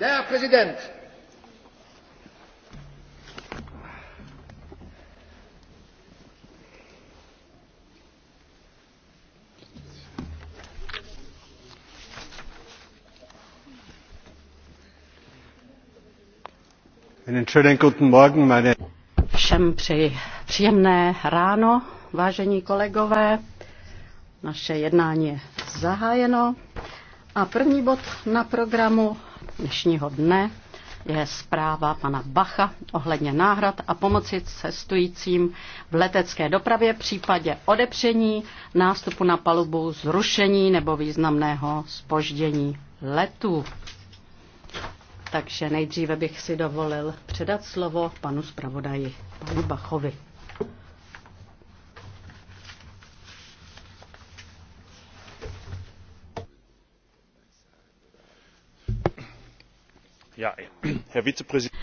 Präsident! Einen schönen guten Morgen, meine Všem přeji příjemné ráno, vážení kolegové. Naše jednání je zahájeno. A první bod na programu dnešního dne je zpráva pana Bacha ohledně náhrad a pomoci cestujícím v letecké dopravě v případě odepření, nástupu na palubu, zrušení nebo významného spoždění letu. Takže nejdříve bych si dovolil předat slovo panu zpravodaji, panu Bachovi. herr vizepräsident!